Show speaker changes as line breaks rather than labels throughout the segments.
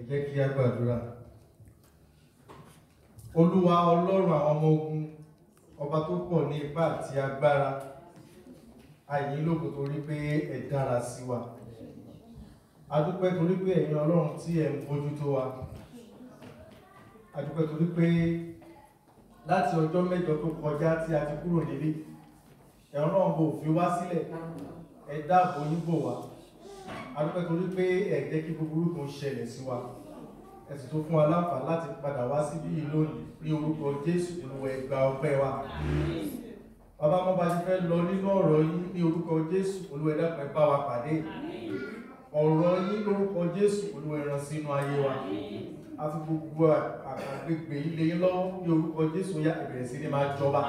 ẹ jẹ́ kí a gbàdúrà olúwa ọlọ́run àwọn ọmọ ogun ọba tó pọ̀ ní ipá àti agbára àyìn lóko torí pé ẹ dára sí wa a dúpẹ́ torí pé ẹ̀yin ọlọ́run tí ẹ ń bójú tó wa a dúpẹ́ torí pé láti ọjọ́ mẹ́jọ tó kọjá tí a ti kúrò nílé ẹ̀rọ náà bò fi wá sílẹ̀ ẹ dáàbò yín bò wá adúpẹ́ torí pé ẹ jẹ́ kí búburú kan ṣẹlẹ̀ sí wa ẹ̀sìn tó fún wa láǹfààní láti padà wá síbí yìí lónìí ní orúkọ jésù olúwa ẹ gba ọpẹ́ wa bàbá mo bá ti fẹ́ lọ nínú ọ̀rọ̀ yìí ní orúkọ jésù olúwa ẹ dápẹ́ bá wa pàdé ọ̀rọ̀ yìí lórúkọ jésù olúwa ẹ ràn sínú ayé wa a gbogbo àgbègbè ilé lọ́wọ́ ní orúkọ jésù ya ìbẹ̀rẹ̀ sí ni máa jọba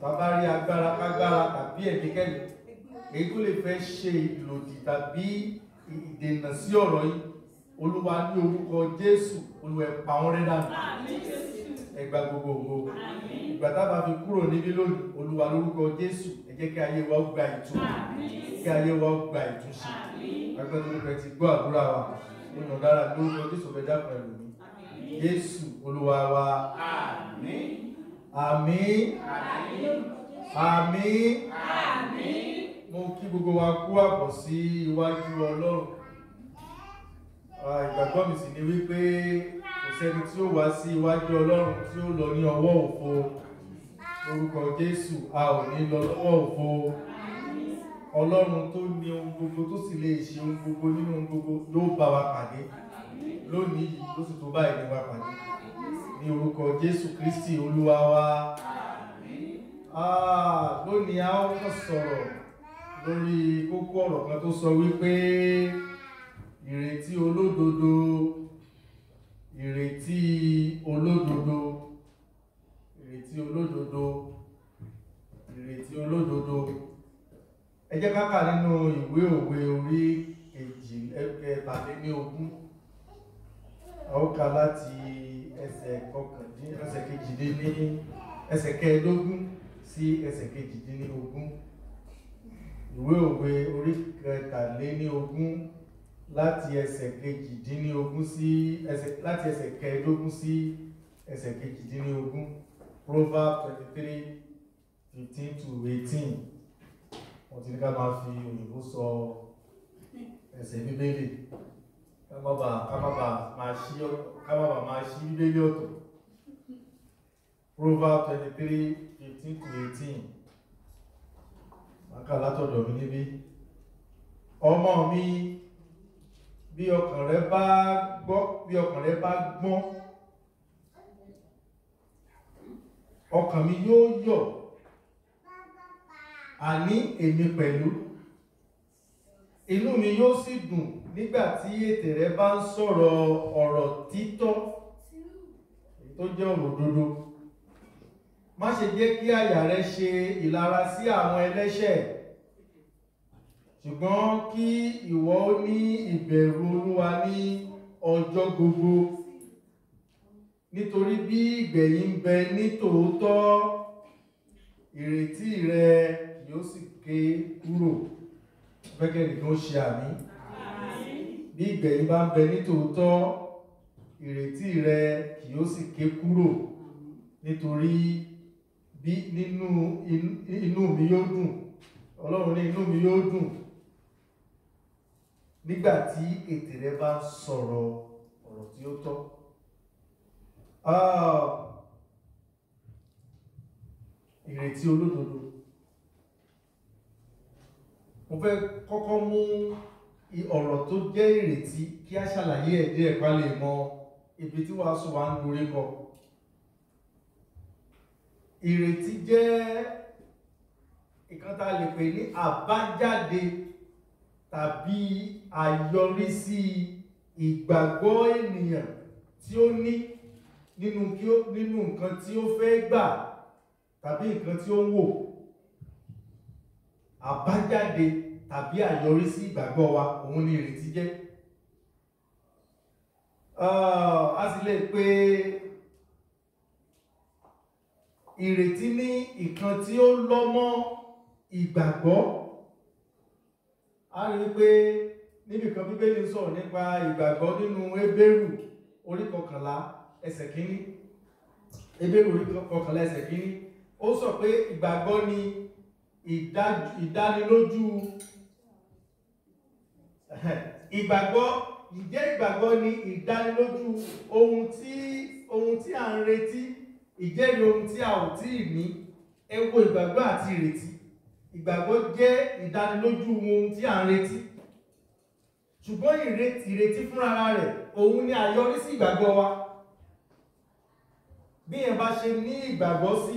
tàbá rí agbára kágbára tàbí ẹ̀mí èyí tó lè fẹ́ ṣe ìlòdì tàbí ìdènà sí ọ̀rọ̀ yìí olúwa ní orúkọ jésù olúwa ẹ pa dànù ẹ gbogbo ògo ìgbà tá fi kúrò níbí lónìí olúwa lórúkọ jésù ẹ jẹ́ kí ayé wa ó gba ìtura kí ayé wa ó gba ìtúnṣe ẹgbẹ́ tó lè gbọ́ àdúrà wa mo dára lórúkọ jésù fẹ́ dákun ẹ̀rù mi jésù olúwa wa àmín àmín àmín mo kí gbogbo wa kú àpọ̀ sí iwájú ọlọ́run ìgbàgbọ́ mi sì ni wípé kò sẹ́ni tí ó wá sí iwájú ọlọ́run tí ó lọ ní ọwọ́ òfo orúkọ jésù a ò ní lọ lọ́wọ́ òfo ọlọ́run tó ní ohun gbogbo tó sì lè ṣe ohun gbogbo nínú ohun gbogbo ló bá wa pàdé lónìí yìí ló sì tó báyìí ní wa pàdé ní orúkọ jésù kristi olúwa wa lónìí a ó sọ̀rọ̀ lórí kókó ọ̀rọ̀ kan tó sọ wípé ìrètí olódodo ìrètí olódodo ìrètí olódodo ìrètí olódodo ẹ jẹ́ ká kà nínú ìwé òwe orí èjì ẹgbẹ̀tàléní ogún a ó kà láti ẹsẹ̀ kọkàndín ẹsẹ̀ kejìdínlógún sí ẹsẹ̀ kejìdínlógún ìwé òwe orí kẹtàléníogún láti ẹsẹ̀ kejìdínlógún sí ẹsẹ̀ láti ẹsẹ̀ kẹẹ̀ẹ́dógún sí ẹsẹ̀ kejìdínlógún proverbs twenty three fifteen to eighteen wọ́n ti ní ká máa fi òyìnbó sọ ẹsẹ̀ bíbélì ká má bàa máa ṣí bíbélì ọ̀tọ̀ proverbs twenty three fifteen to eighteen àká látọ̀dọ̀ mi níbí ọmọ mi bí ọkàn rẹ bá gbọ́ bí ọkàn rẹ bá gbọ́n ọkàn mi yóò yọ̀ àní èmi pẹ̀lú inú mi yóò sì dùn nígbà tí ètè rẹ bá ń sọ̀rọ̀ ọ̀rọ̀ títọ́ tó jẹ́ ọ̀rọ̀ má ṣe jẹ́ kí àyà rẹ ṣe ìlara sí àwọn ẹlẹ́ṣẹ̀ ṣùgbọ́n kí ìwọ ní ìbẹ̀rù olúwa ní ọjọ́ gbogbo nítorí bí ìgbẹ̀yìn ń bẹ ní tòótọ́ ìrètí rẹ yóò sì ké kúrò gbẹ́gẹ́ nìkan ṣe àmì bí ìgbẹ̀yìn bá ń bẹ ní tòótọ́ ìrètí rẹ yóò sì ké kúrò nítorí bí nínú inú mi yóò dùn ọlọ́run ní inú mi yóò dùn nígbà tí ètè rẹ bá ń sọ̀rọ̀ ọ̀rọ̀ tí ó tọ́ ìrètí olódodo mo fẹ́ kọ́kọ́ mú ọ̀rọ̀ tó jẹ́ ìrètí kí a ṣàlàyé ẹ̀ díẹ̀ lè mọ ibi tí wàásù wa ń dorí kọ ìrètí jẹ́ nǹkan tá a lè pè ní àbájáde tàbí àyọrísí ìgbàgbọ́ ènìyàn tí ó ní nínú kí ó nínú nǹkan tí ó fẹ́ gbà tàbí nǹkan tí ó ń wò àbájáde tàbí àyọrísí ìgbàgbọ́ wa òun ni ìrètí jẹ́ a sì lè pè ìrètí ní nǹkan tí ó lọ́ mọ́ ìgbàgbọ́ a rí i pé níbìkan bíbélì ń sọ̀rọ̀ nípa ìgbàgbọ́ nínú ebéèrù orí kọkànlá ẹsẹ̀ kínní ebéèrù orí kọkànlá ẹsẹ̀ kínní ó sọ pé ìgbàgbọ́ ni ìdánilójú ìgbàgbọ́ ìjẹ́ ìgbàgbọ́ ni ìdánilójú ohun tí ohun tí à ń retí ìjẹ́rìí ohun tí a ò tí ì ní ẹ wo ìgbàgbọ́ àti ìrètí ìgbàgbọ́ jẹ́ ìdánilójú ohun tí a ń retí ṣùgbọ́n ìrètí fúnra rẹ̀ òun ni àyọrísí ìgbàgbọ́ wa bí ẹ bá ṣe ní ìgbàgbọ́ sí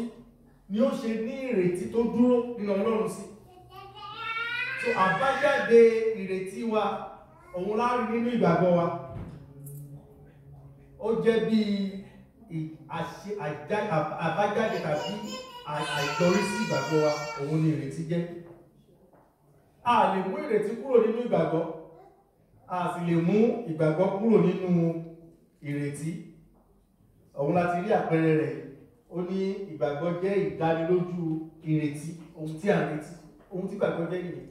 ni ó ṣe ní ìrètí tó dúró nínú Ọlọ́run sí so àbájáde ìrètí wa òun láàrin nínú ìgbàgbọ́ wa ó jẹ́ bíi àbájáde tàbí àìtọ́rísí ìgbàgbọ́ wa òun ni ìrètí jẹ́ a lè mú ìrètí kúrò nínú ìgbàgbọ́ a sì lè mú ìgbàgbọ́ kúrò nínú ìrètí òun láti rí àpẹẹrẹ rẹ̀ ó ní ìgbàgbọ́ jẹ́ ìdánilójú ìrètí ohun tí a retí ohun tí ìgbàgbọ́ jẹ́ nìyẹn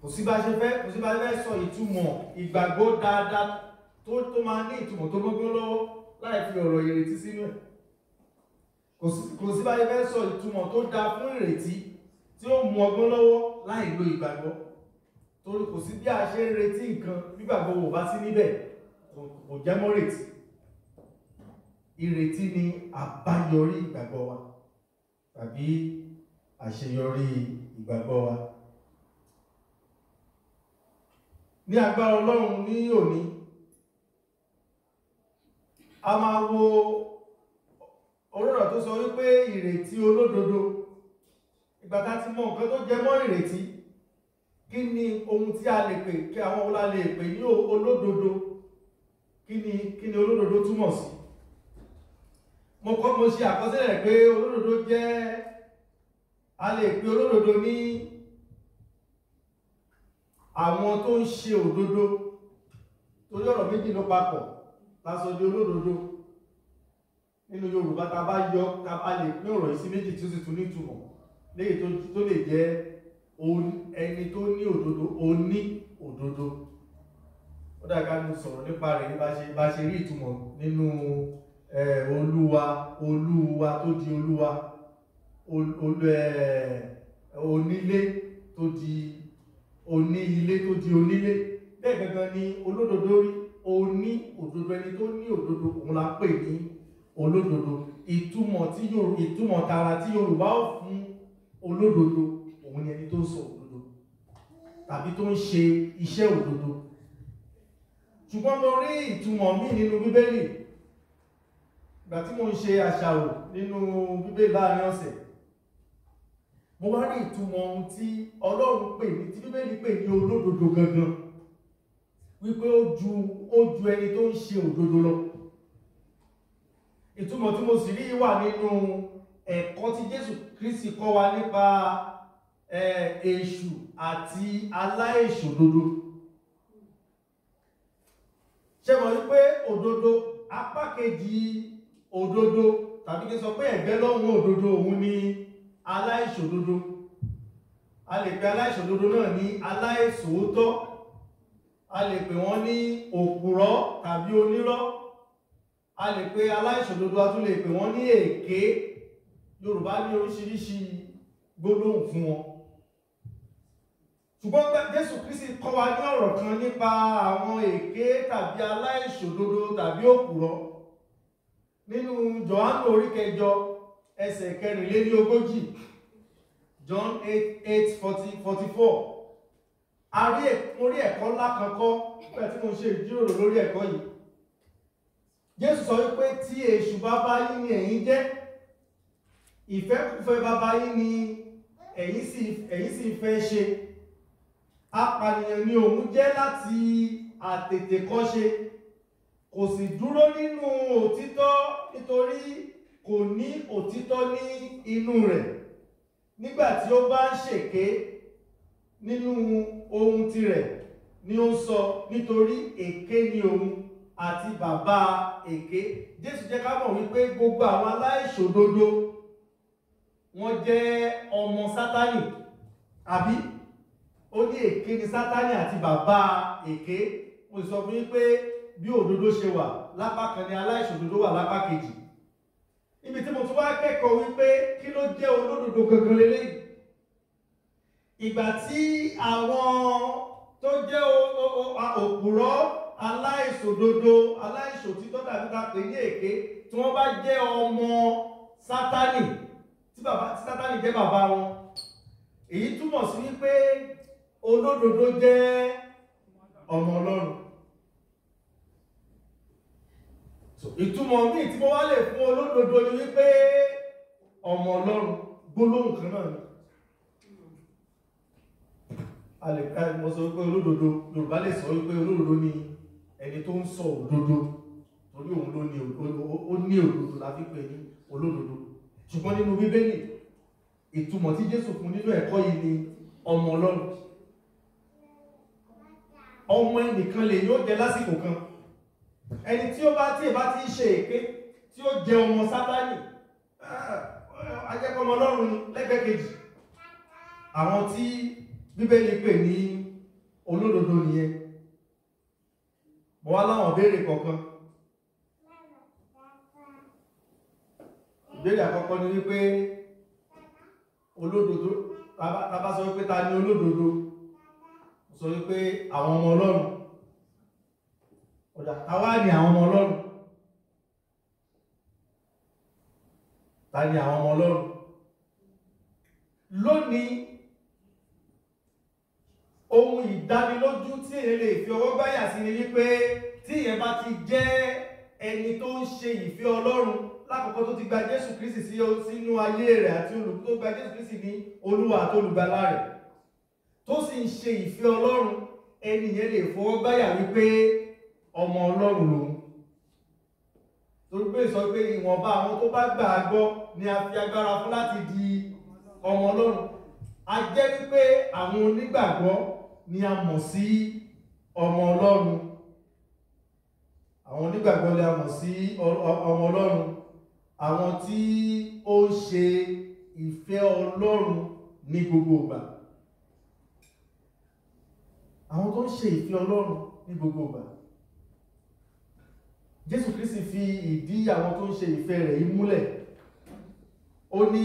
kò sí bá ṣe fẹ́ kò sí bá ṣe fẹ́ sọ ìtumọ̀ ìgbàgbọ́ dáadáa tó tó máa ní ìtumọ̀ tó gbọ́gbọ́n lọ́wọ́ láì fi ọ̀rọ̀ ìrètí sínú ẹ̀ kò sí báyìí fẹ́ sọ ìtumọ̀ tó dáa fún ìrètí tí ó mú ọgbọ́n lọ́wọ́ láì lo ìgbàgbọ́ torí kò sí bí a ṣe ń retí nǹkan gbígbàgbọ́ wò bá sí níbẹ̀ kò jẹ́ mọ́ retí ìrètí ni àbáyọrí ìgbàgbọ́ wa tàbí àṣeyọrí ìgbàgbọ́ wa ní agbára ọlọ́run ní òní a máa wo orúnà tó sọ wípé ìrètí olódodo ìgbà tá ti mọ nǹkan tó jẹ mọ́ ìrètí kí ni ohun tí a lè pè kí àwọn ọlá lè pè ní olódodo kí ni kí ni olódodo túmọ̀ sí mo kọ́ mo ṣe àkọsílẹ̀ pé olódodo jẹ́ a lè pè olódodo ní àwọn tó ń ṣe òdodo torí ọ̀rọ̀ méjì ló papọ̀ lásọ di olódodo nínú yorùbá ta bá yọ ta bá lè pín ọ̀rọ̀ yìí sí méjì tí ó sì tún ní ìtumọ̀ léyìí tó lè jẹ́ ẹni tó ní òdodo oní òdodo ó dàgbà ní sọ̀rọ̀ nípa rẹ̀ ní bá ṣe rí ìtumọ̀ nínú olúwa olúwa tó di olúwa onílé tó di onílé tó di onílé bẹ́ẹ̀ gangan ni olódodo rí oní òdodo ẹni tó ní òdodo òun la pè ní olódodo ìtumọ̀ tí yorùbá ìtumọ̀ tara tí yorùbá ó fún olódodo òun ni ẹni tó ń sọ òdodo tàbí tó ń ṣe iṣẹ́ òdodo ṣùgbọ́n mo rí ìtumọ̀ míì nínú bíbélì ìgbà tí mo ń ṣe àṣàrò nínú bíbélì láàrin ọ̀sẹ̀ mo wá rí ìtumọ̀ ohun tí ọlọ́run pè ní tí bíbélì pè ní olódodo gangan wípé ó ju ó ju ẹni tó ń ṣe òdodo lọ ìtumọ̀ tí mo sì rí wà nínú ẹ̀kọ́ tí Jésù Kristi kọ́ wa nípa èṣù àti aláìṣòdodo ṣe mọ̀ wípé òdodo apá kejì òdodo tàbí kí n sọ pé ẹ̀gbẹ́ lọ́hùn òdodo òun ni aláìṣòdodo a lè pe aláìṣòdodo náà ní aláìṣòótọ́ a lè pè wọ́n ní òpùrọ́ tàbí onírọ́ a lè pè aláìṣòdodo a tún lè pè wọ́n ní èké yorùbá ní oríṣiríṣi gbólóhùn fún wọn ṣùgbọ́n jésù kristi kọ́ wa ní ọ̀rọ̀ kan nípa àwọn èké tàbí aláìṣòdodo tàbí òpùrọ́ nínú jọ̀hánù orí kẹjọ ẹsẹ̀ kẹrìnléní john 8 8 40 44 àrí orí ẹ̀kọ́ ńlá kan kọ́ pẹ̀ tí mo ṣe ìjíròrò lórí ẹ̀kọ́ yìí Jésù sọ wípé tí èṣù bàbá yín ni ẹ̀yin jẹ́ ìfẹ́kùfẹ́ bàbá yín ni ẹ̀yin sì fẹ́ ṣe apànìyàn ni òun jẹ́ láti àtètèkọ́ṣe kò sì dúró nínú òtítọ́ nítorí kò ní òtítọ́ ní inú rẹ̀ nígbà tí ó bá ń ṣèké nínú ohun tirẹ̀ ni ó ń sọ nítorí èké ni òun àti bàbá èké jésù jẹ́ ká mọ̀ wípé gbogbo àwọn aláìṣòdodo wọ́n jẹ́ ọmọ sátánì àbí ó ní èké ni sátánì àti bàbá èké mo sọ fún yín pé bí òdodo ṣe wà lápá kan ni aláìṣòdodo wà lápá kejì ibi tí mo tún wá kẹ́kọ̀ọ́ wípé kí ló jẹ́ olódodo gangan lélẹ́yìí ìgbà tí àwọn tó jẹ́ òpùrọ́ aláìṣòdodo aláìṣòtítọ́ tàbí ká pè ní èké tí wọ́n bá jẹ́ ọmọ sátánì tí sátánì jẹ́ bàbá wọn èyí túmọ̀ sí wípé olódodo jẹ́ ọmọ ọlọ́run ìtumọ̀ míì tí mo wá lè fún olódodo ni wípé ọmọ ọlọ́run gbólóhùn kan náà ni mo sọ wípé olódodo yorùbá lè sọ wípé olódodo ni ẹni tó ń sọ òdodo torí òun ló ní òdodo la fi pè ní olódodo ṣùgbọ́n nínú bíbélì ìtumọ̀ tí jésù fún nínú ẹ̀kọ́ yìí ni ọmọ ọlọ́run ọmọ ẹnìkan lè yóò jẹ lásìkò kan ẹni tí ó bá tí ì bá ti ṣe èké tí ó jẹ ọmọ sátánì ah, ajẹ́kọ̀ọ́mọ ọlọ́run lẹ́gbẹ̀ẹ́ kejì àwọn tí ni pè ní olódodo nìyẹn mo wá láwọn béèrè kọ̀ọ̀kan ìbéèrè àkọ́kọ́ ni wípé olódodo tàbá sọ wípé ta ni olódodo sọ wípé àwọn ọmọ ọlọ́run ọ̀dà tàwá ni àwọn ọmọ ọlọ́run ta ni àwọn ọmọ ọlọ́run lónìí ìdánilójú tí èyí lè fi ọwọ́ báyà sí ni wípé tí ìyẹn bá ti jẹ́ ẹni tó ń ṣe ìfẹ́ ọlọ́run lákòókò tó ti gba jésù kristi sínú ayé rẹ̀ àti olùkọ́ tó gba jésù kristi ní olúwa àti olùgbàlà rẹ̀ tó sì ń ṣe ìfẹ́ ọlọ́run ẹni yẹn lè fọwọ́ báyà wípé ọmọ ọlọ́run lòun torí sọ pé ìwọ̀nba àwọn tó bá gbà á gbọ́ ni a fi agbára fún láti di ọmọ ọlọ́run a jẹ́ wípé àwọn onígbàgbọ́ ni a mọ̀ sí ọmọ ọlọ́run àwọn onígbàgbọ́ ni a mọ̀ sí ọmọ ọlọ́run àwọn tí ó ń ṣe ìfẹ́ ọlọ́run ní gbogbo ìgbà àwọn tó ń ṣe ìfẹ́ ọlọ́run ní gbogbo ìgbà jésù kristi fi ìdí àwọn tó ń ṣe ìfẹ́ rẹ̀ yìí múlẹ̀ ó ní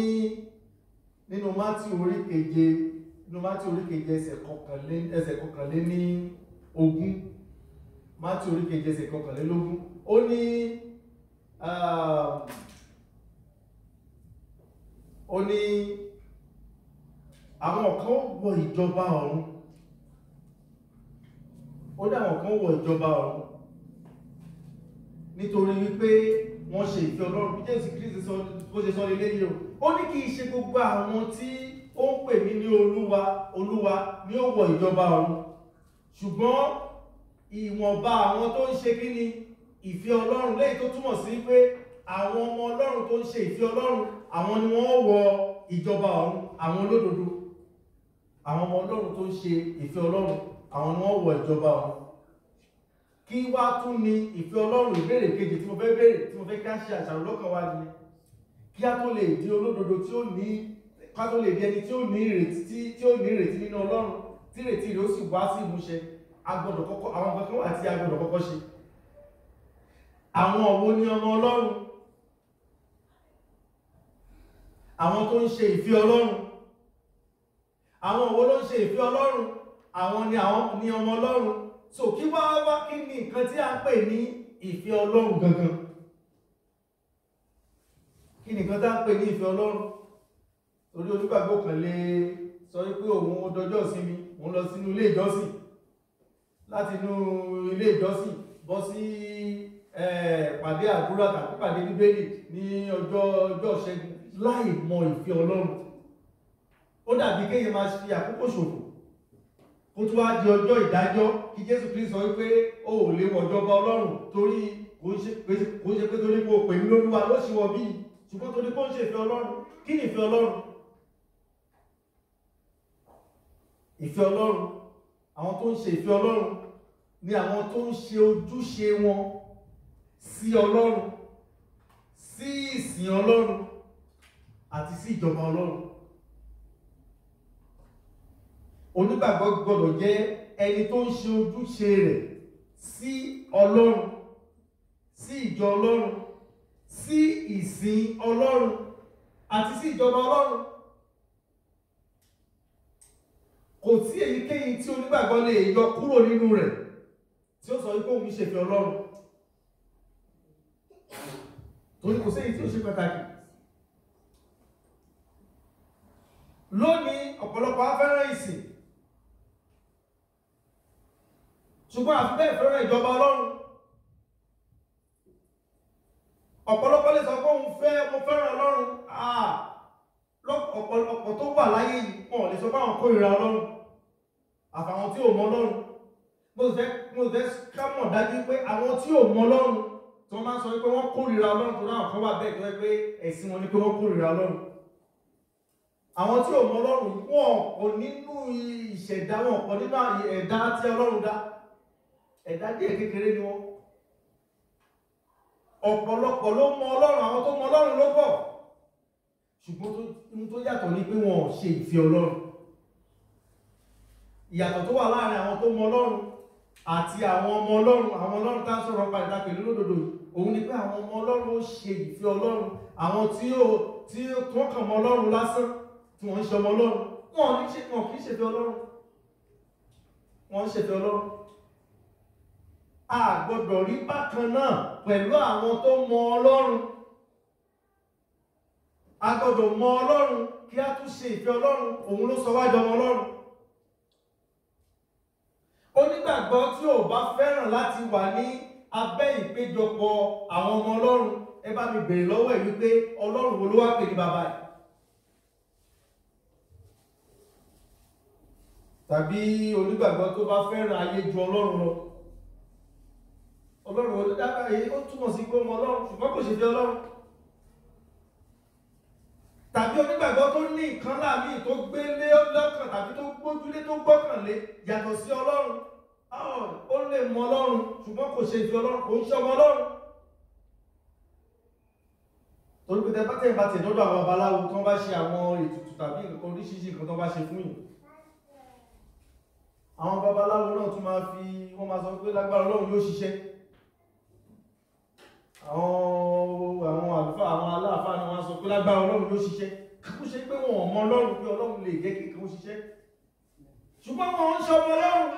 nínú mátí orí keje nínú mátí oríkejì ẹsẹ̀ kọkànléní ogún mátí oríkejì ẹsẹ̀ kọkànlélógún ó um, ó ní àwọn kan wọ ìjọba ọ̀run ó ní àwọn kan wọ ìjọba ọ̀run nítorí wípé wọ́n ṣe ìfẹ́ ọlọ́run bí Jésù Kristi sọ bó ṣe sọ ilé yìí o ó ní kì ṣe gbogbo àwọn tí ó ń pè mí ní olúwa olúwa ni ó wọ ìjọba ọ̀run ṣùgbọ́n ìwọ̀nba àwọn tó ń ṣe kí ni ìfẹ́ ọlọ́run lẹ́yìn tó túmọ̀ sí pé àwọn ọmọ ọlọ́run tó ń ṣe ìfẹ́ ọlọ́run àwọn ni wọ́n wọ ìjọba ọ̀run àwọn olódodo àwọn ọmọ ọlọ́run tó ń ṣe ìfẹ́ ọlọ́run àwọn ni wọ́n wọ ìjọba ọ̀run kí wá tún ni ìfẹ́ ọlọ́run ìbéèrè kejì tí mo fẹ́ béèrè tí mo fẹ́ ká ṣe àṣàrò lọ́kàn wa ni kí a tó lè di olódodo tí ó ní ká tó lè di ẹni tí ó ní ìrètí tí ó ní ìrètí nínú ọlọ́run tí ìrètí rẹ̀ ó sì wá sí ìmúṣẹ agbọ́dọ̀ kọ́kọ́ àwọn nǹkan kan wà tí agbọ́dọ̀ kọ́kọ́ ṣe àwọn ọ̀wọ́ ní ọmọ ọlọ́run àwọn tó ń ṣe ìfẹ́ ọlọ́run àwọn ọ̀wọ́ ló ń ṣe ìfẹ́ ọlọ́run àwọn ni àwọn ni ọmọ ọlọ́run so kí wá wá kí ni nǹkan tí a ń pè ní ìfẹ́ ọlọ́run gangan kí ni nǹkan tí a ń pè ní ìfẹ́ ọlọ́run torí onígbàgbọ́ kan lè sọ pé òun ó dọjọ́ ìsinmi òun lọ sínú ilé ìjọsìn láti inú ilé ìjọsìn bọ́ sí pàdé àdúrà tàbí pàdé bíbélì ní ọjọ́ ọjọ́ ìṣẹ́gun láì mọ ìfẹ́ ọlọ́run ó dàbí kéèyàn máa fi àkókò ṣòfò kó tó wá di ọjọ́ ìdájọ́ kí jésù kristi sọ wípé o ò lè wọ̀jọ́ bá ọlọ́run torí kò ń ṣe pé torí kò pè mí lóluwa ló ṣe wọ bíi ṣùgbọ́n torí kò ń ṣe ìfẹ́ ọlọ́run kí ni ìfẹ́ ọlọ́run ìfẹ́ ọlọ́run àwọn tó ń ṣe ìfẹ́ ọlọ́run ni àwọn tó ń ṣe ojúṣe wọn sí ọlọ́run sí ìsìn ọlọ́run àti sí ìjọba ọlọ́run onígbàgbọ́ gbọ́dọ̀ jẹ́ ẹni tó ń ṣe ojúṣe rẹ̀ sí ọlọ́run sí ìjọ ọlọ́run sí ìsìn ọlọ́run àti sí ìjọba ọlọ́run kò sí èyíkéyìí tí onígbàgbọ́ lè yọ kúrò nínú rẹ̀ tí ó sọ wípé òun ṣèfẹ́ ọlọ́run torí kò sí tí ó ṣe pàtàkì lónìí ọ̀pọ̀lọpọ̀ afẹ́rẹ́ ìsìn ṣùgbọ́n àfibẹ́ ìfẹ́rẹ́ ìjọba ọlọ́run ọ̀pọ̀lọpọ̀ lè sọ pé òun fẹ́ mo fẹ́ràn ọlọ́run ah ọ̀pọ̀lọpọ̀ tó wà láyé yìí pọ̀ lè sọ báwọn kórìíra ọlọ́run àfàwọn tí ò mọ ọlọ́run mo fẹ́ mo fẹ́ ká mọ̀ dájú pé àwọn tí ò mọ ọlọ́run tí wọ́n máa ń sọ pé wọ́n kórìíra ọlọ́run tó láwọn kan wà bẹ́ẹ̀ tó yẹ pé ẹ̀sìn wọn ni pé wọ́n kórìíra ọlọ́run àwọn tí ò mọ ọlọ́run wọn kò nínú ìṣẹ̀dá wọn kò nínú ẹ̀dá tí ọlọ́run dá ẹ̀dá díẹ̀ kékeré ni wọn ọ̀pọ̀lọpọ̀ ló mọ ọlọ́run àwọn tó mọ ọlọ́run ló pọ̀ ṣùgbọ́n ohun tó yàtọ̀ ni pé wọn ò ṣe ìfẹ́ ọlọ́run ìyàtọ̀ tó wà láàrin àwọn tó mọ ọlọ́run àti àwọn ọmọ ọlọ́run àwọn ọlọ́run tá sọ̀rọ̀ padà pẹ̀lú lódodo òun ni pé àwọn ọmọ ọlọ́run ó ṣe ìfẹ́ ọlọ́run àwọn tí ó tí ó kàn kàn mọ ọlọ́run lásán tí wọ́n ń ṣe ọmọ ọlọ́run wọn ò ní ṣe wọn kì í ṣèfẹ́ ọlọ́run wọn ń ṣèfẹ́ ọlọ́run a gbọ́dọ̀ rí bákan náà pẹ̀lú àwọn tó mọ ọlọ́run a gbọ́dọ̀ mọ ọlọ́run kí a tún ṣe ìfẹ́ ọlọ́run òun ló sọ wájọ ọmọ ọlọ́run onígbàgbọ́ tí ò bá fẹ́ràn láti wà ní abẹ́ ìpéjọpọ̀ àwọn ọmọ ọlọ́run ẹ bá mi bèrè lọ́wọ́ ẹ̀ wípé ọlọ́run wo ló wá pè ní bàbá ẹ̀ tàbí onígbàgbọ́ tó bá fẹ́ràn ayé ju ọlọ́run lọ ọlọ́run ó túmọ̀ sí pé ọmọ ọlọ́run ṣùgbọ́n kò ṣe fi ọlọ́run tàbí onígbàgbọ́ tó ní nǹkan láàmì tó gbé lé lọ́kàn tàbí tó gbójúlé tó gbọ́kànlé yàtọ̀ sí ọlọ́run ó lè mọ ọlọ́run ṣùgbọ́n kò ṣe ìfẹ́ ọlọ́run kò ń ṣe ọmọ ọlọ́run torí pé tẹ́bá tẹ́bá tẹ̀ lọ́dọ̀ àwọn babaláwo tó bá ṣe àwọn ètùtù tàbí oríṣiríṣi nǹkan tó bá ṣe fún yìí àwọn babaláwo náà tún máa fi wọ́n máa sọ pé lágbára ọlọ́run yóò ṣiṣẹ́ àwọn agbára ọlọ́run ló ṣiṣẹ́ kò ṣe pé wọn ò mọ ọlọ́run pé ọlọ́run lè jẹ́ kí kan ṣiṣẹ́ ṣùgbọ́n wọn ń ṣọmọ ọlọ́run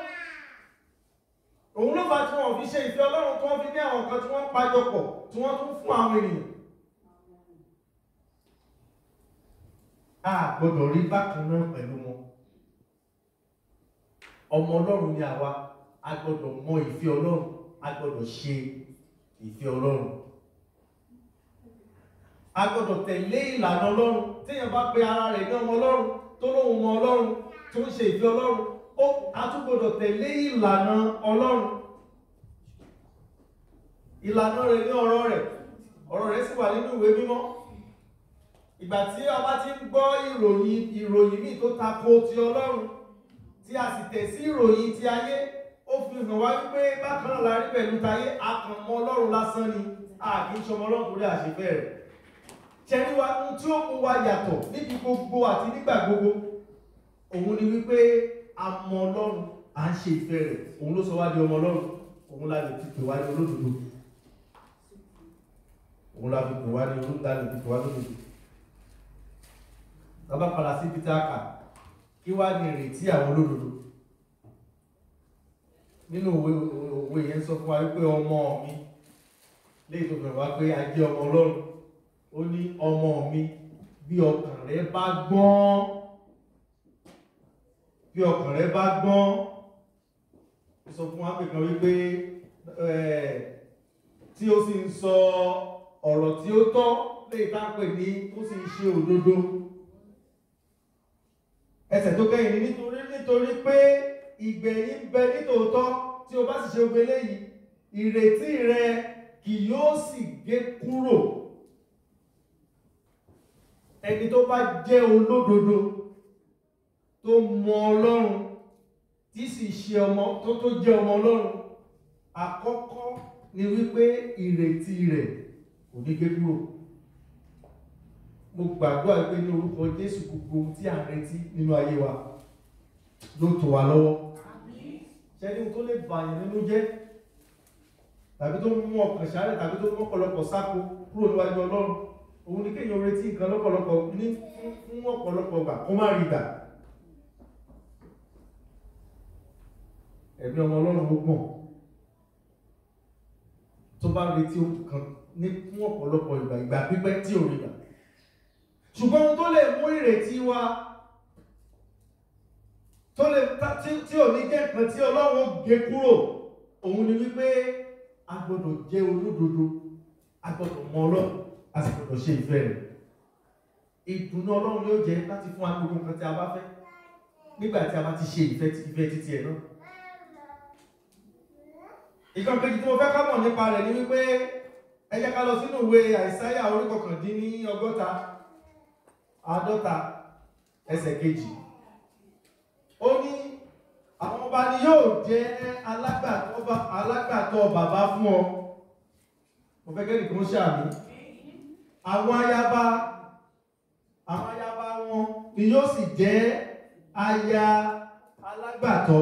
òun ló bá tí wọn fi ṣe ìfẹ́ ọlọ́run tó wọ́n fi ní àwọn nǹkan tí wọ́n pàjọpọ̀ tí wọ́n tún fún àwọn ènìyàn a gbọdọ̀ rí bákan náà pẹ̀lú wọn ọmọ ọlọ́run ni àwa a gbọdọ̀ mọ ìfẹ́ ọlọ́run a gbọdọ̀ ṣe ìfẹ́ ọlọ́run a gbọ́dọ̀ tẹ̀lé ìlànà ọlọ́run téèyàn bá pe ara rẹ̀ ní ọmọ ọlọ́run tó lóun mọ ọlọ́run tó ń ṣe ìfẹ́ ọlọ́run ó a tún gbọ́dọ̀ tẹ̀lé ìlànà ọlọ́run ìlànà rẹ̀ ní ọ̀rọ̀ rẹ̀ ọ̀rọ̀ rẹ̀ sì wà nínú ìwé mímọ́ ìgbà tí a bá ti ń gbọ́ ìròyìn ìròyìn míì tó tako ti ọlọ́run tí a sì tẹ̀ sí ìròyìn ti ayé ó fi hàn wá wípé bákan náà la rí pẹ̀lú tayé a kàn mọ ọlọ́run lásán ni a kì í ṣọmọ ọlọ́run torí àṣefẹ́ rẹ̀ ṣẹ́ni wa ohun tí ó mú wa yàtọ̀ níbi gbogbo àti nígbà gbogbo òun ni wípé a mọ ọlọ́run à ń ṣe ìfẹ́ rẹ̀ òun ló sọ wá di ọmọ ọlọ́run òun la lè fi pè wá ní olódodo òun la fi pè wá ní olódodo la lè fi pè wá lódodo bàbá padà sí peter aka kí wá ní ìrètí àwọn olódodo nínú òwe yẹn sọ fún wa wípé ọmọ mi léyìí tó fẹ́ wá pé a jẹ́ ọmọ ọlọ́run ó ní ọmọ mi bí ọkàn rẹ bá gbọ́n bí ọkàn rẹ bá gbọ́n ó sọ fún wa pé kan wípé tí ó sì ń sọ ọ̀rọ̀ tí ó tọ́ léyìí tá ń pè ní tó sì ń ṣe òdodo ẹsẹ̀ tó kẹ́yìn ní nítorí nítorí pé ìgbẹ̀yìn ń bẹ nítòótọ́ tí o bá sì ṣe gbé léyìí ìrètí rẹ kì yóò sì gé kúrò ẹni tó bá jẹ́ olódodo tó mọ ọlọ́run tí sì ṣe ọmọ tó tó jẹ́ ọmọ ọlọ́run àkọ́kọ́ ni wípé ìrètí rẹ̀ kò ní gé kúrò mo gbàdúrà pé ní orúkọ Jésù gbogbo tí à ń retí nínú ayé wa ló tò wá lọ́wọ́ ṣẹ́ni tó lè bàyàn nínú jẹ́ tàbí tó mú ọkàn ṣáré tàbí tó mú ọ̀pọ̀lọpọ̀ sáko kúrò níwájú ọlọ́run òun ni kéèyàn retí nǹkan lọ́pọ̀lọpọ̀ ní fún ọ̀pọ̀lọpọ̀ gbà kó má rí gbà ẹ̀mí ọmọ ọlọ́run ó gbọ̀n tó bá retí kan ní fún ọ̀pọ̀lọpọ̀ ìgbà ìgbà pípẹ́ tí ò rí gbà ṣùgbọ́n tó lè mú ìrètí wa tó lè tí ò ní jẹ́ nǹkan tí ọlọ́run gé kúrò òun ni wípé a gbọ́dọ̀ jẹ́ olódodo a gbọ́dọ̀ mọ ọlọ́run a sì gbọdọ̀ ṣe ìfẹ́ rẹ̀ ìdùnnú ọlọ́run yóò jẹ́ láti fún wa gbogbo nǹkan tí a bá fẹ́ nígbà tí a bá ti ṣe ìfẹ́ ìfẹ́ títí ẹ̀ náà ìkan kejì tí mo fẹ́ ká mọ̀ nípa rẹ̀ ni wípé ẹ jẹ́ ká lọ sínú ìwé àìsáyà orí kọkàndínní ọgọ́ta àádọ́ta ẹsẹ̀ kejì ó ní àwọn ọba ni yóò jẹ́ alágbàtọ́ bàbá fún ọ mo fẹ́ kẹ́ nìkan ṣàmì àwọn ayaba àwọn ayaba wọn ni yóò sì jẹ́ aya alágbàtọ́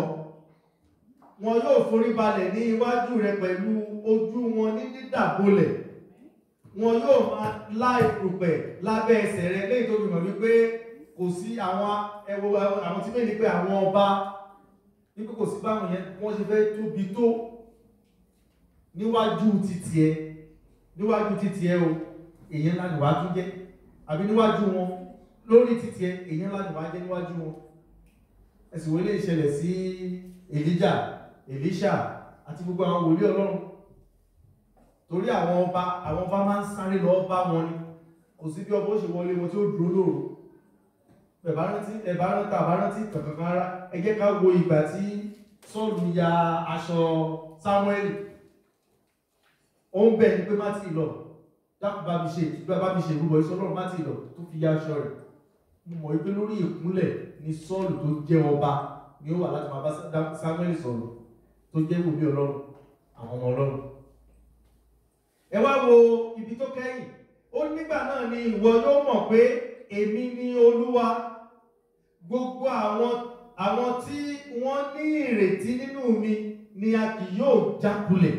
wọn yóò foríbalẹ̀ ní iwájú rẹ pẹ̀lú ojú wọn ní dídàbolẹ̀ wọn yóò máa lá erùpẹ̀ lábẹ́ ẹsẹ̀ rẹ lẹ́yìn tó fi mọ̀ wípé kò sí àwọn ẹwọ àwọn tí mẹ́rin pé àwọn ọba wípé kò sí báwọn yẹn wọ́n ṣe fẹ́ tóbi tó níwájú títì ẹ níwájú títì ẹ o èèyàn ńlá nìwà tún jẹ́ àbí níwájú wọn lórí títí ẹ èèyàn ńlá nìwà jẹ́ níwájú wọn ẹ̀sìn wọlé ìṣẹ̀lẹ̀ sí Èlíjà Èlíṣà àti gbogbo àwọn wòlíì Ọlọ́run torí àwọn ọba àwọn ọba máa ń sáré lọ bá wọn ni kò sí bí ọbọ̀ ṣe wọlé wọn tí ó dúró lóru ẹ̀bá rántí ẹ̀bá rántí àbá rántí kankan rárá ẹ ká wo ìgbà tí Sọ́ọ̀lù ya aṣọ Sámúẹ́lì ó ń bẹ̀ ní pé má ti lọ dákun bá mi ṣe bá mi ṣe ìrúbọ iṣẹ́ ọlọ́run láti ìlọ tó fi yá aṣọ rẹ̀ mo mọ̀ wípé lórí ìkúnlẹ̀ ni sọ́ọ̀lù tó jẹ́ ọba ni ó wà láti máa bá samuel sọ̀rọ̀ tó jẹ́ ìwòbí ọlọ́run àwọn ọmọ ọlọ́run ẹ wá wo ibi tó kẹ́yìn ó nígbà náà ni ìwọ yóò mọ̀ pé èmi ni olúwa gbogbo àwọn àwọn tí wọ́n ní ìrètí nínú mi ni a kì yóò jákulẹ̀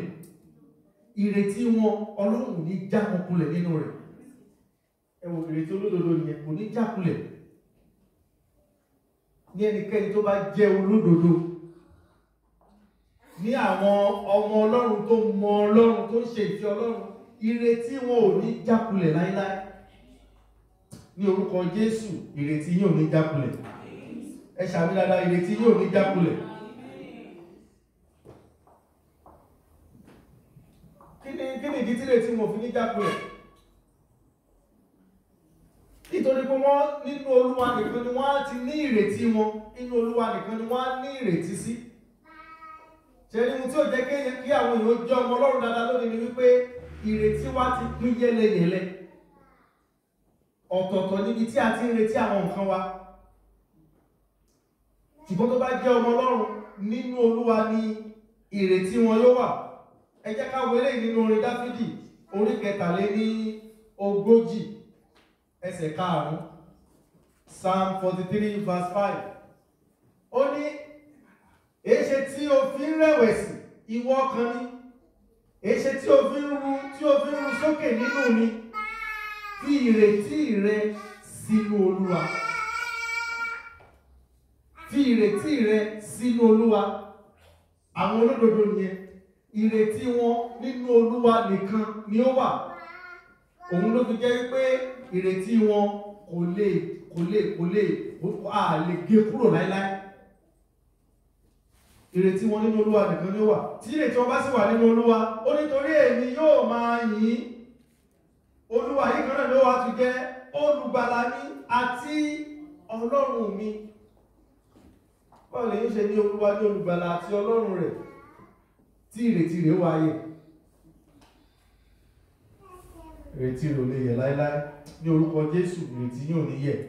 ìrètí wọn ọlọ́run ní jákulẹ̀ nínú rẹ̀ ẹwọ ìrètí olódodo Ni kò ní jákulẹ̀ ní ẹnikẹ́ni tó bá jẹ́ olódodo ní àwọn ọmọ ọlọ́run tó mọ ọlọ́run tó ń ṣe ìfẹ́ ọlọ́run ìrètí wọn ò ní jákulẹ̀ láíláí ní orúkọ jésù ìrètí yóò ní jákulẹ̀ ẹ ṣàmì dáadáa ìrètí yóò ní jákulẹ̀. nìdí tí lè tí wọn fi ní jákulẹ̀ nítorí pé wọ́n nínú olúwa nìkan ni wọ́n ti ní ìrètí wọn nínú olúwa nìkan ni wọ́n ní ìrètí sí ṣe ni mo tí ò jẹ́ kí àwọn èèyàn jẹ́ ọmọ ọlọ́run dáadáa lónìí ni wípé ìrètí wa ti pín yẹlẹyẹlẹ ọ̀tọ̀ọ̀tọ̀ níbi tí a ti ń retí àwọn nǹkan wa ṣùgbọ́n tó bá jẹ́ ọmọ ọlọ́run nínú olúwa ni ìrètí wọn yóò wà ẹ jẹ́ ká wọlé nínú orin dáfídì orí kẹtàlé ní ogójì ẹsẹ̀ karùn-ún psalm forty three verse five ó ní èéṣe tí o fi ń rẹ̀wẹ̀sì ìwọ ọkàn mi èéṣe tí o fi ń ru tí o fi ń ru sókè nínú mi fi ìrètí rẹ sínú olúwa fi ìrètí rẹ sínú olúwa àwọn olódodo nìyẹn ìrètí wọn nínú olúwa nìkan ni ó wà òun ló fi jẹ́ pé ìrètí wọn kò lè kò lè kò lè a lè gé kúrò láíláí ìrètí wọn nínú olúwa nìkan ni ó wà tí ìrètí wọn bá sì wà nínú olúwa ó nítorí èmi yóò máa yìn olúwa yìí kan náà ló wà tún jẹ́ olùgbàlà mi àti ọlọ́run mi báwo lè ń ṣe ní olúwa ní olùgbàlà àti ọlọ́run rẹ̀ tí ìrètí rẹ̀ wáyé ìrètí rẹ̀ ò lè yẹ̀ láíláí ní orúkọ Jésù ìrètí yóò ní yẹ̀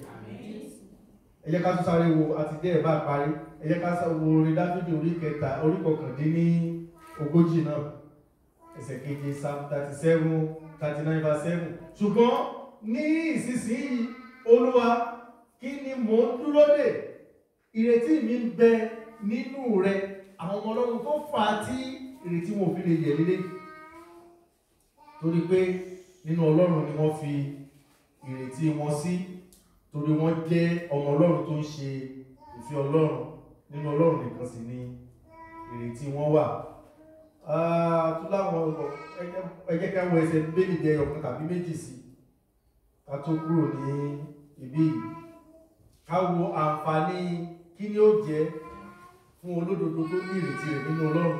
ẹ jẹ́ ká tún sáré wo àti dé ẹ̀bá parí ẹ jẹ́ ká wo orin Dáfídì orí kẹta orí kọkàndínní ogójì náà ẹsẹ̀ keje psalm thirty seven thirty nine verse seven ṣùgbọ́n ní ìsinsìnyí Olúwa kí ni mò ń dúró dè ìrètí mi ń bẹ nínú rẹ àwọn ọmọ Ọlọ́run tó fà á tí ibi tí wọn ò fi lè yẹ lílé torí pé nínú ọlọ́run ni wọ́n fi ìrètí wọn sí torí wọ́n jẹ́ ọmọ ọlọ́run tó ń ṣe ìfẹ́ ọlọ́run nínú ọlọ́run nìkan sì ni ìrètí wọn wà tó láwọn ọ̀rọ̀ ẹgbẹ́ ká wọ ẹsẹ̀ bíbélì jẹ ọ̀kan tàbí méjì sí ká tó kúrò ní ibí yìí ká wo àǹfààní kí ni ó jẹ́ fún olódodo tó ní ìrètí rẹ̀ nínú ọlọ́run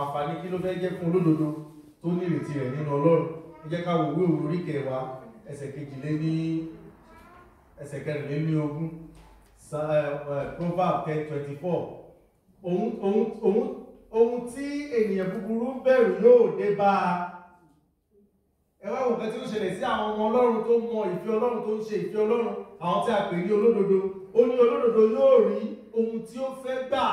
àǹfààní kí ló fẹ́ jẹ́ fún olódodo tó ní ìrètí rẹ̀ nínú ọlọ́run ẹ jẹ́ ká wo ìwé òwe orí kẹwàá ẹsẹ̀ kejìlé ní ẹsẹ̀ kẹrìnlé ní ogún proverb ten twenty four ohun tí ènìyàn búburú bẹ̀rù yóò dé bá a ẹ wá wòkẹ́ tí ó ṣẹlẹ̀ sí àwọn ọmọ ọlọ́run tó mọ ìfẹ́ ọlọ́run tó ń ṣe ìfẹ́ ọlọ́run àwọn tí a pè ní olódodo ó ní olódodo yóò rí ohun tí ó fẹ́ gbà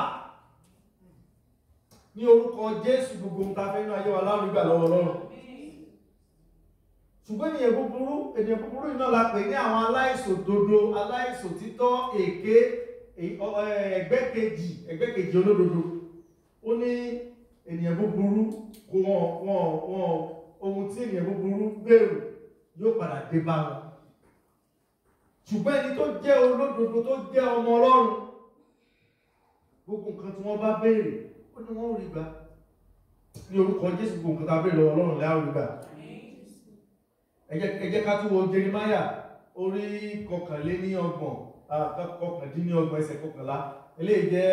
ní orúkọ jésù gbogbo nǹkan fẹ́ inú ayé wa láwọn ìgbà lọ́wọ́ lọ́rùn ṣùgbọ́n ènìyàn búburú ènìyàn búburú iná la pè ní àwọn aláìṣòdodo aláìṣòtítọ́ èké ẹgbẹ́ kejì ẹgbẹ́ kejì olódodo ó ní ènìyàn búburú kò wọ́n wọ́n wọ́n ohun tí ènìyàn búburú gbèrò yóò padà dé bá wọn ṣùgbọ́n ẹni tó jẹ́ olódodo tó jẹ́ ọmọ ọlọ́run gbogbo nǹkan tí wọ́n bá béèrè ó ní wọ́n rí gbà ní orúkọ Jésù gbogbo nǹkan tàbí lọ Ọlọ́run láàrú gbà ẹ jẹ́ ká tún wo Jeremiah orí kọkànléníọgbọ̀n kọkàndínníọgbọ̀n ẹsẹ̀ kọkànlá eléyìí jẹ́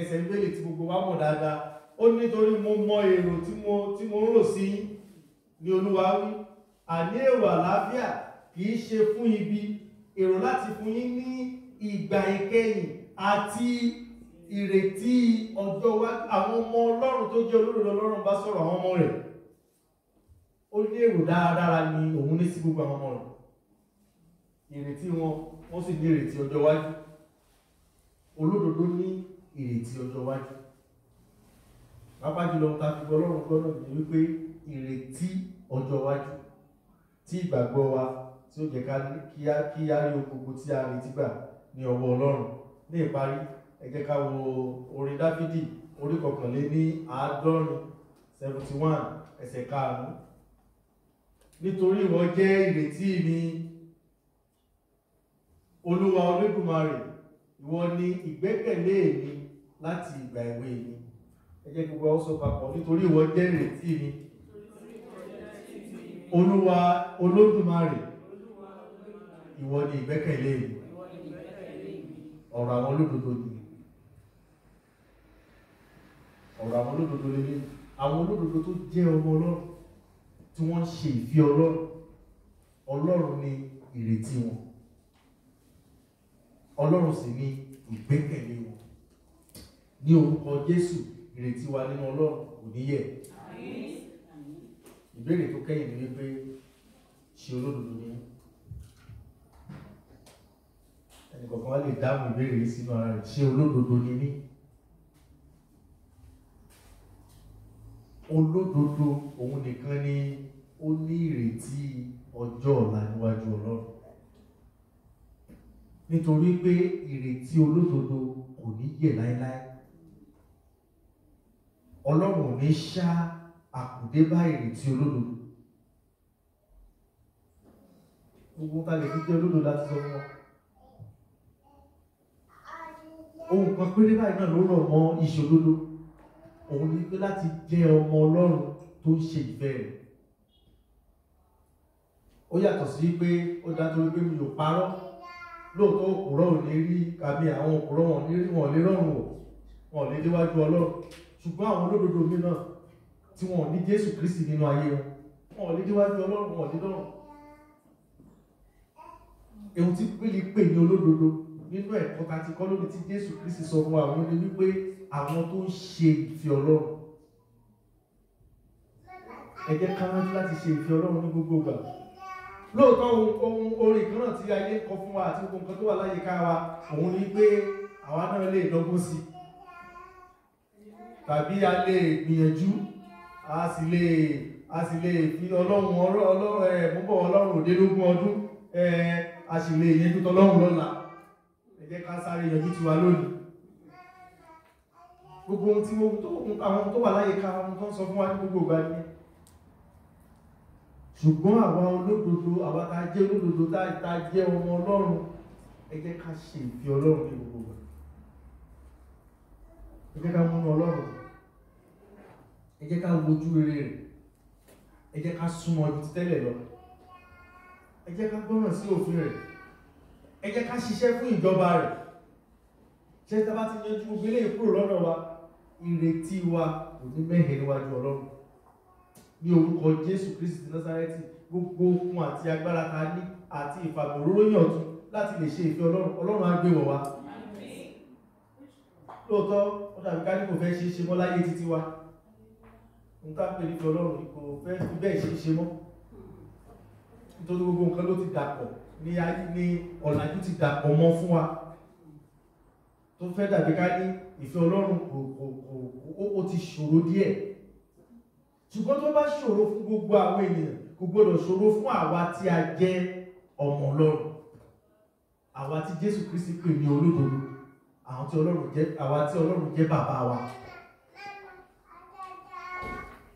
ẹsẹ̀ ìbéèrè tí gbogbo wa mọ̀ dáadáa ó nítorí mo mọ èrò tí mo tí mo ń rò sí ní Olúwa wí àní èrò àlàáfíà kì í ṣe fún ibi èrò láti fún yín ní ìgbà ìkẹyìn àti ìrètí ọjọ́ wá àwọn ọmọ ọlọ́run tó jẹ́ olórí ọlọ́run bá sọ̀rọ̀ àwọn ọmọ rẹ̀ ó ní èrò dáradára ni òun ní sí gbogbo àwọn ọmọ rẹ̀ ìrètí wọn wọ́n sì ní ìrètí ọjọ́ wájú olódodo ní ìrètí ọjọ́ wájú pápájùlọ ta fi ọlọ́run gbọ́nà ní wípé ìrètí ọjọ́ wájú tí ìgbàgbọ́ wa tí ó jẹ́ kí á rí ohun gbogbo tí a retí gbà ní ọwọ́ ọlọ́run ní ìparí ẹ wo orin dáfídì orí kọkànlé ní àádọ́rin seventy one ẹsẹ̀ karùn-ún nítorí ìwọ jẹ́ ìrètí mi olúwa olódùmarè ìwọ ni ìgbẹ́kẹ̀lé mi láti ìgbà èwe mi ẹ jẹ́ gbogbo ọ sọ papọ̀ nítorí ìwọ jẹ́ ìrètí mi olúwa olódùmarè ìwọ ni ìgbẹ́kẹ̀lé mi ọ̀rọ̀ àwọn olódodo ọ̀rọ̀ àwọn olódodo lélẹ̀ àwọn olódodo tó jẹ́ ọmọ ọlọ́run tí wọ́n ń ṣe ìfẹ́ ọlọ́run ọlọ́run ni ìrètí wọn ọlọ́run sì ni ìgbẹ́kẹ̀lé wọn ní orúkọ jésù ìrètí wa nínú ọlọ́run kò níyẹ̀ ìbéèrè tó kẹ́yìn ni wípé ṣe olódodo ni ẹnì kọ̀ọ̀kan wá lè dáhùn ìbéèrè yìí sínú ara rẹ̀ ṣe olódodo ni mí. olódodo òun nìkan ni ó ní ìrètí ọjọ́ ọ̀la níwájú ọlọ́run nítorí pé ìrètí olódodo kò ní yẹ̀ láéláé ọlọ́run ò ní ṣá àkùdé bá ìrètí olódodo gbogbo kalẹ̀ jíjẹ́ olódodo láti sọ fún ọ ohun kan péré báyìí náà ló rọ̀ mọ́ ìṣòdodo òun ni pé láti jẹ́ ọmọ ọlọ́run tó ń ṣe ìfẹ́ rẹ̀ ó yàtọ̀ sí pé ó dájú pé mi ò parọ́ lóòótọ́ òkúrọ̀ ò ní rí àmì àwọn òkúrọ̀ wọn ní rí wọn lè rọrùn o wọn lè déwájú ọlọ́run ṣùgbọ́n àwọn olódodo mi náà tí wọn ò ní jésù kristi nínú ayé wọn wọn lè déwájú ọlọ́run wọn lè dọ̀rùn ewu tí pélé pè ní olódodo nínú ẹ̀kọ́ ta ti kọ́ lónìí tí jésù kristi sọ fún àwọn ní wípé àwọn tó ń ṣe ti ọlọ́run ẹ jẹ́ ká rántí láti ṣe ìfẹ́ ọlọ́run ní gbogbo ìgbà lóòótọ́ ohun orin kan náà tí ayé kọ fún wa àti gbogbo nǹkan tó wà láyé ká wa òun ni pé àwa náà lè dọ́gbọ́n sí tàbí a lè gbìyànjú a sì lè a sì lè fi ọlọ́run ọlọ́run ẹ̀ púpọ̀ ọlọ́run òdélógún ọdún ẹ̀ a sì lè yẹjú tọlọ́run lọ́la ẹ jẹ́ ká sáré yẹjú tiwa lónìí gbogbo ohun tí wọ́n tó àwọn tó wà láyìíká wọn tó ń sọ fún wa ní gbogbo ìgbà ní ṣùgbọ́n àwọn olódodo àwọn tá jẹ́ olódodo tá jẹ́ ọmọ ọlọ́run ẹ jẹ́ ká ṣe ìfi ọlọ́run ní gbogbo ìgbà ẹ jẹ́ ká múnú ọlọ́run ẹ jẹ́ ká wojú rere rẹ̀ ẹ jẹ́ ká súnmọ́ ju ti tẹ́lẹ̀ lọ ẹ jẹ́ ká gbọ́ràn sí òfin rẹ̀ ẹ jẹ́ ká ṣiṣẹ́ fún ìjọba rẹ̀ ṣe tí a bá ti yanjú gbogbo ilé ìkúrò lọ́dọ̀ wa ìrètí wa kò ní mẹ́hẹ̀ níwájú ọlọ́run ní orúkọ jésù kristi nazareti gbogbo okun àti agbára ta ní àti ìfàgbòróróyìn ọ̀tún láti lè ṣe ìfẹ́ ọlọ́run ọlọ́run á gbé wọ̀ wá lóòótọ́ ó dàbí ká ní kò fẹ́ ṣe é ṣe mọ́ láyé títí wa n ká pè ní ọlọ́run kò fẹ́ fi bẹ́ẹ̀ ṣe é ṣe mọ́ nítorí gbogbo nǹkan ló ti dàpọ̀ ní ayé ní ọ̀làjú ti dàpọ̀ mọ́ fún wa tó fẹ́ dàbí ká ní ìfẹ́ ọlọ́run kò kò kò ó ti ṣòro díẹ̀ ṣùgbọ́n tó bá ṣòro fún gbogbo àwọn ènìyàn kò gbọdọ̀ ṣòro fún àwa tí a jẹ́ ọmọ ọlọ́run àwa tí jésù kristi pè ní olódodo àwọn tí ọlọ́run jẹ́ àwa tí ọlọ́run jẹ́ bàbá wa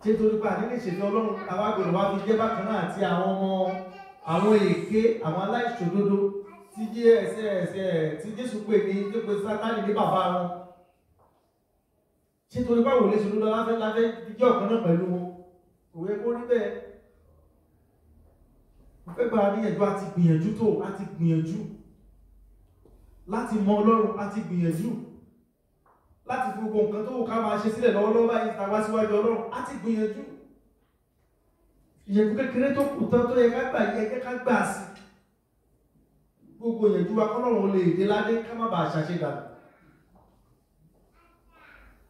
ṣé torí pé àní lè ṣètò ọlọ́run àwa gbọdọ̀ wá fi jẹ́ bákan náà àti àwọn ọmọ àwọn èké àwọn aláìṣòdodo tí jésù pè ní tó pe sátánì ní bàbá wọn ṣé torí báwo lè ṣe ló lọ láfẹ́ láfẹ́ jíjẹ́ ọ̀kan náà pẹ̀lú wọn òwe kó rí bẹ́ẹ̀ mo fẹ́ gbà níyànjú àti gbìyànjú tó àti gbìyànjú láti mọ ọlọ́run àti gbìyànjú láti fi gbogbo nǹkan tó wù ká máa ṣe sílẹ̀ lọ́wọ́lọ́wọ́ báyìí ta wá síwájú ọlọ́run àti gbìyànjú ìyẹ̀kú kékeré tó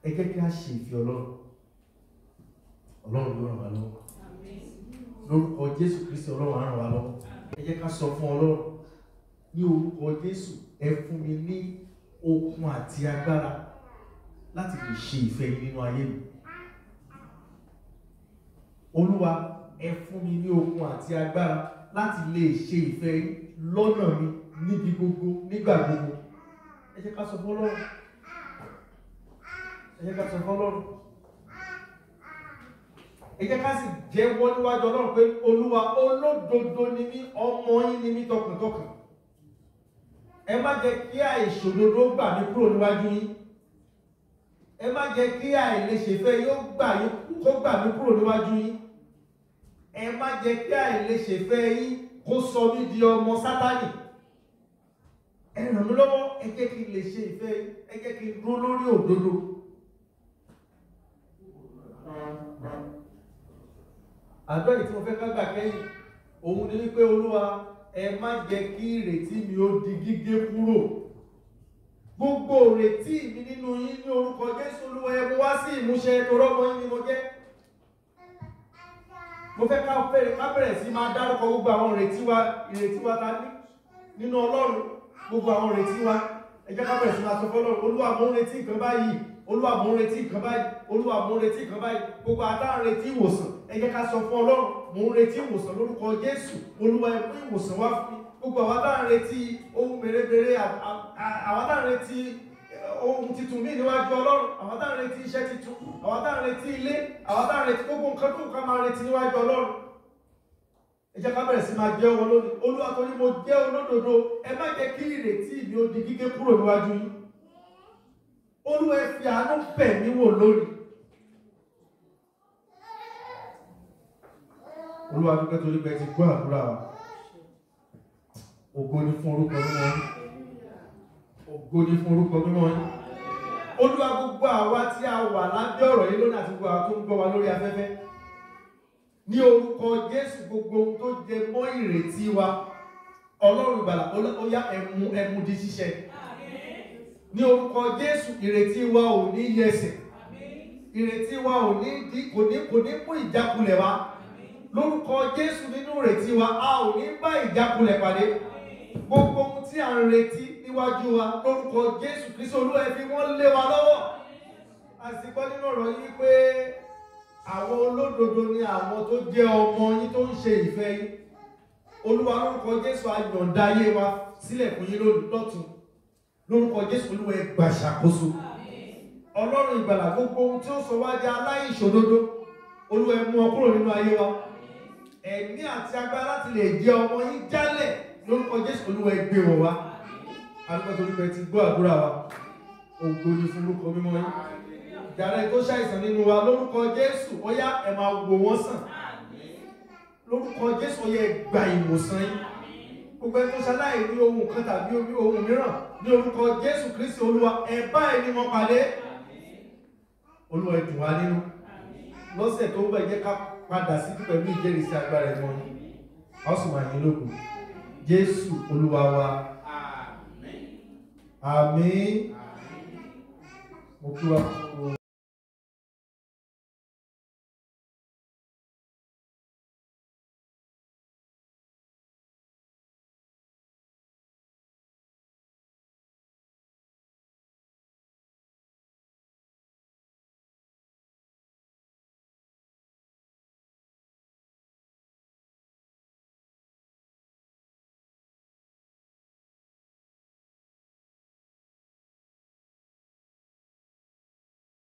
ẹ jẹ́ kí a ṣe ìfẹ́ ọlọ́run ọlọ́run ló ràn wá lọ́wọ́ lórúkọ jésù kristi ọlọ́run á ràn wá lọ́wọ́ ẹ jẹ́ ká sọ fún ọlọ́run ní orúkọ jésù ẹ fún mi ní okun àti agbára láti lè ṣe ìfẹ́ nínú ayé mi olúwa ẹ fún mi ní okun àti agbára láti lè ṣe ìfẹ́ lọ́nà mi níbi gbogbo nígbà gbogbo ẹ jẹ́ ká sọ fún ọlọ́run ẹ jẹ́ ká sọ fún ọlọ́run ẹ jẹ́ ká sì jẹ́wọ́ níwájú ọlọ́run pé olúwa olódodo ni mí ọmọ yín ni mí tọkàntọkàn ẹ má jẹ́ kí àìṣòdodo gbà mí kúrò níwájú yín ẹ má jẹ́ kí àìlèṣèfẹ́ yóò gbà kó gbà mí kúrò níwájú yín ẹ má jẹ́ kí àìlèṣèfẹ́ yín kó sọ mí di ọmọ sátánì ẹ ràn mí lọ́wọ́ ẹ jẹ́ kí n lè ṣe ìfẹ́ yín ẹ jẹ́ kí n dúró lórí òdodo àdúrà yìí tí mo fẹ́ ká gbà kẹ́yìn òun ni wípé olúwa ẹ má jẹ́ kí ìrètí mi ó di gígé kúrò gbogbo ìrètí mi nínú yín ní orúkọ jésù olúwa ẹ mú wá sí ìmúṣẹ torọ́mọ yín ni mo jẹ́ mo fẹ́ ká bẹ̀rẹ̀ sí máa dárúkọ gbogbo àwọn ìrètí wa ìrètí wa ta ní nínú ọlọ́run gbogbo àwọn ìrètí wa ẹ jẹ́ ká bẹ̀rẹ̀ sí máa sọ fọ́lọ́run olúwa mo ń retí nǹkan báyìí olúwa mò ń retí nǹkan báyìí olúwa mò ń retí nǹkan báyìí gbogbo àtàwọn retí ìwòsàn ẹ jẹ́ ká sọ fún ọlọ́run mò ń retí ìwòsàn lórúkọ jésù olúwa ẹ pín ìwòsàn wá fún mi gbogbo àwọn tá à ń retí ohun mèremère àwọn tá à ń retí eh, ohun titun mí níwájú ọlọ́run àwọn tá à ń retí iṣẹ́ titun àwọn tá à ń retí ilé àwọn tá ń retí gbogbo nǹkan tó nǹkan máa retí níwájú ọlọ́run ẹ jẹ́ ká bẹ̀rẹ̀ sí máa jẹ́ wọn olúwa torí mo jẹ́ olódodo ẹ má jẹ́ kí ìrètí mi ó di gígé kúrò níwájú yín olúwa ẹ fi àánú bẹ̀ mí wò lónìí. olúwa dúpẹ́ torí pé ti gbọ́ àdúrà wa ògo ni fún orúkọ mímọ́ yín ògo ni fún orúkọ mímọ́ yín olúwa gbogbo àwa tí a wà lábẹ́ ọ̀rọ̀ yìí lónìí àti gbogbo àwa tó ń gbọ́ wa lórí afẹ́fẹ́ ní orúkọ jésù gbogbo ohun tó jẹ mọ́ ìrètí wa ọlọ́run ìgbàlà ó yá ẹ̀mú ẹ̀mú di ṣíṣẹ ní orúkọ Jésù ìrètí wa ò ní yẹsẹ̀ ìrètí wa ò ní di kò ní kò ní mú ìjákulẹ̀ wa lórúkọ Jésù nínú ìrètí wa a ò ní bá ìjákulẹ̀ pàdé gbogbo ohun tí à ń retí níwájú wa lórúkọ Jésù Kristi Olúwa ẹ fi wọ́n lé wa lọ́wọ́ àsìkò nínú ọ̀rọ̀ yìí pé àwọn olódodo ni àwọn tó jẹ́ ọmọ yín tó ń ṣe ìfẹ́ yín olúwa lórúkọ Jésù ayọ̀ǹda ayé wa sílẹ̀ fún yín lọ́tún lórúkọ jésù olúwa ẹ gbà ṣàkóso ọlọ́run ìgbàlà gbogbo ohun tí ó sọ wá di aláìṣòdodo olúwa ẹ mú ọ kúrò nínú ayé wa ẹ̀mí àti agbára láti lè jẹ ọmọ yín jálẹ̀ lórúkọ jésù olúwa ẹ gbé wọn wá alùpàá torí pé ti gbọ́ àdúrà wa ògo ni fún orúkọ mímọ́ yín ìdàrẹ́ tó ṣàìsàn nínú wa lórúkọ jésù ó yá ẹ máa wò wọ́n sàn lórúkọ jésù ó yẹ gbà ìwòsàn yín gbogbo ẹni tó ṣaláì ní ohun kan tàbí ohun mìíràn ní orúkọ jésù kristi olúwa ẹ̀bá ẹni wọn pàdé olúwa ẹ̀dùn wa nínú lọ́sẹ̀ tó ń bẹ̀ jẹ́ ká padà sí pẹ̀lú ìjẹ́rìsí agbára ẹ̀wọ̀n ọ̀sùn wà yín lókun jésù olúwa wa àmín mo kí wa.